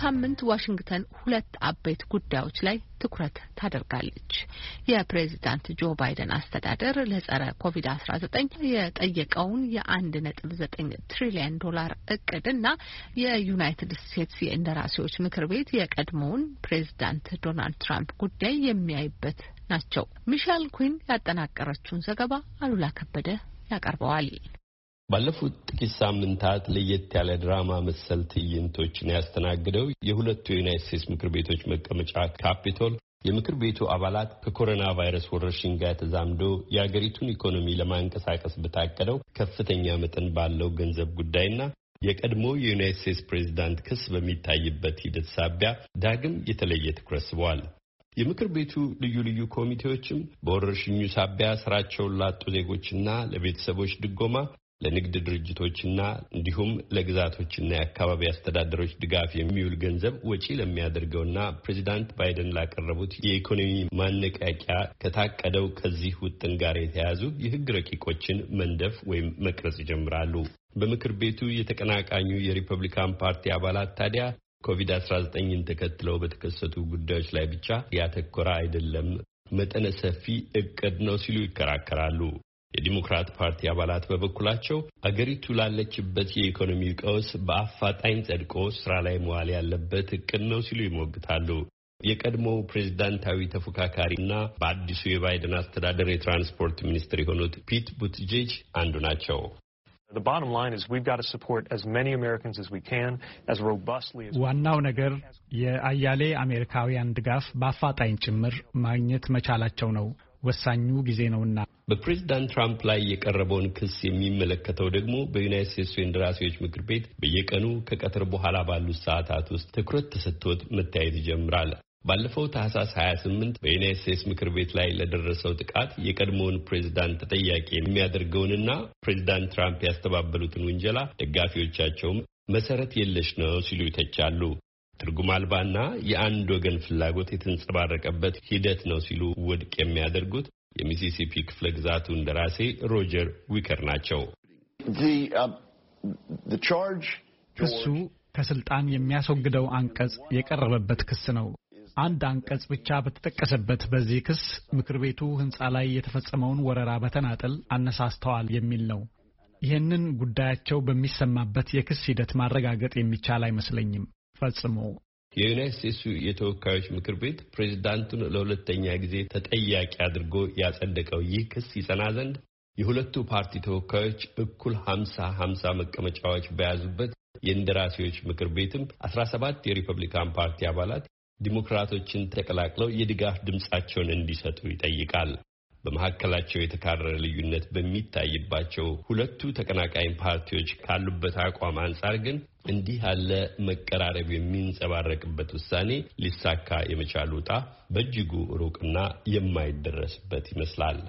ሳምንት ዋሽንግተን ሁለት አበይት ጉዳዮች ላይ ትኩረት ታደርጋለች። የፕሬዚዳንት ጆ ባይደን አስተዳደር ለጸረ ኮቪድ አስራ ዘጠኝ የጠየቀውን የአንድ ነጥብ ዘጠኝ ትሪሊየን ዶላር እቅድና የዩናይትድ ስቴትስ የእንደራሴዎች ምክር ቤት የቀድሞውን ፕሬዚዳንት ዶናልድ ትራምፕ ጉዳይ የሚያይበት ናቸው። ሚሻል ኩን ያጠናቀረችውን ዘገባ አሉላ ከበደ ያቀርበዋል። ባለፉት ጥቂት ሳምንታት ለየት ያለ ድራማ መሰል ትዕይንቶችን ያስተናግደው የሁለቱ የዩናይት ስቴትስ ምክር ቤቶች መቀመጫ ካፒቶል የምክር ቤቱ አባላት ከኮሮና ቫይረስ ወረርሽኝ ጋር ተዛምዶ የአገሪቱን ኢኮኖሚ ለማንቀሳቀስ በታቀደው ከፍተኛ መጠን ባለው ገንዘብ ጉዳይና የቀድሞ የዩናይት ስቴትስ ፕሬዚዳንት ክስ በሚታይበት ሂደት ሳቢያ ዳግም የተለየ ትኩረት ስበዋል። የምክር ቤቱ ልዩ ልዩ ኮሚቴዎችም በወረርሽኙ ሳቢያ ስራቸውን ላጡ ዜጎችና ለቤተሰቦች ድጎማ ለንግድ ድርጅቶችና እንዲሁም ለግዛቶችና የአካባቢ አስተዳደሮች ድጋፍ የሚውል ገንዘብ ወጪ ለሚያደርገውና ፕሬዚዳንት ባይደን ላቀረቡት የኢኮኖሚ ማነቃቂያ ከታቀደው ከዚህ ውጥን ጋር የተያያዙ የሕግ ረቂቆችን መንደፍ ወይም መቅረጽ ይጀምራሉ። በምክር ቤቱ የተቀናቃኙ የሪፐብሊካን ፓርቲ አባላት ታዲያ ኮቪድ-19ን ተከትለው በተከሰቱ ጉዳዮች ላይ ብቻ ያተኮረ አይደለም፣ መጠነ ሰፊ እቅድ ነው ሲሉ ይከራከራሉ። የዲሞክራት ፓርቲ አባላት በበኩላቸው አገሪቱ ላለችበት የኢኮኖሚ ቀውስ በአፋጣኝ ጸድቆ ስራ ላይ መዋል ያለበት እቅድ ነው ሲሉ ይሞግታሉ። የቀድሞው ፕሬዝዳንታዊ ተፎካካሪ እና በአዲሱ የባይደን አስተዳደር የትራንስፖርት ሚኒስትር የሆኑት ፒት ቡትጄጅ አንዱ ናቸው። ዋናው ነገር የአያሌ አሜሪካውያን ድጋፍ በአፋጣኝ ጭምር ማግኘት መቻላቸው ነው። ወሳኙ ጊዜ ነውና በፕሬዝዳንት ትራምፕ ላይ የቀረበውን ክስ የሚመለከተው ደግሞ በዩናይት ስቴትሱ የእንደራሴዎች ምክር ቤት በየቀኑ ከቀትር በኋላ ባሉት ሰዓታት ውስጥ ትኩረት ተሰጥቶት መታየት ይጀምራል። ባለፈው ታህሳስ 28 በዩናይት ስቴትስ ምክር ቤት ላይ ለደረሰው ጥቃት የቀድሞውን ፕሬዚዳንት ተጠያቂ የሚያደርገውንና ፕሬዚዳንት ትራምፕ ያስተባበሉትን ውንጀላ ደጋፊዎቻቸውም መሰረት የለሽ ነው ሲሉ ይተቻሉ። ትርጉም አልባና የአንድ ወገን ፍላጎት የተንጸባረቀበት ሂደት ነው ሲሉ ውድቅ የሚያደርጉት የሚሲሲፒ ክፍለ ግዛቱ እንደራሴ ሮጀር ዊከር ናቸው። እሱ um, ከስልጣን የሚያስወግደው አንቀጽ የቀረበበት ክስ ነው። አንድ አንቀጽ ብቻ በተጠቀሰበት በዚህ ክስ ምክር ቤቱ ሕንፃ ላይ የተፈጸመውን ወረራ በተናጠል አነሳስተዋል የሚል ነው። ይህንን ጉዳያቸው በሚሰማበት የክስ ሂደት ማረጋገጥ የሚቻል አይመስለኝም። ፈጽሞ የዩናይት ስቴትሱ የተወካዮች ምክር ቤት ፕሬዚዳንቱን ለሁለተኛ ጊዜ ተጠያቂ አድርጎ ያጸደቀው ይህ ክስ ይጸና ዘንድ የሁለቱ ፓርቲ ተወካዮች እኩል ሀምሳ ሀምሳ መቀመጫዎች በያዙበት የእንደራሴዎች ምክር ቤትም አስራ ሰባት የሪፐብሊካን ፓርቲ አባላት ዲሞክራቶችን ተቀላቅለው የድጋፍ ድምፃቸውን እንዲሰጡ ይጠይቃል። በመካከላቸው የተካረረ ልዩነት በሚታይባቸው ሁለቱ ተቀናቃኝ ፓርቲዎች ካሉበት አቋም አንጻር ግን እንዲህ ያለ መቀራረብ የሚንጸባረቅበት ውሳኔ ሊሳካ የመቻሉ ዕጣ በእጅጉ ሩቅና የማይደረስበት ይመስላል።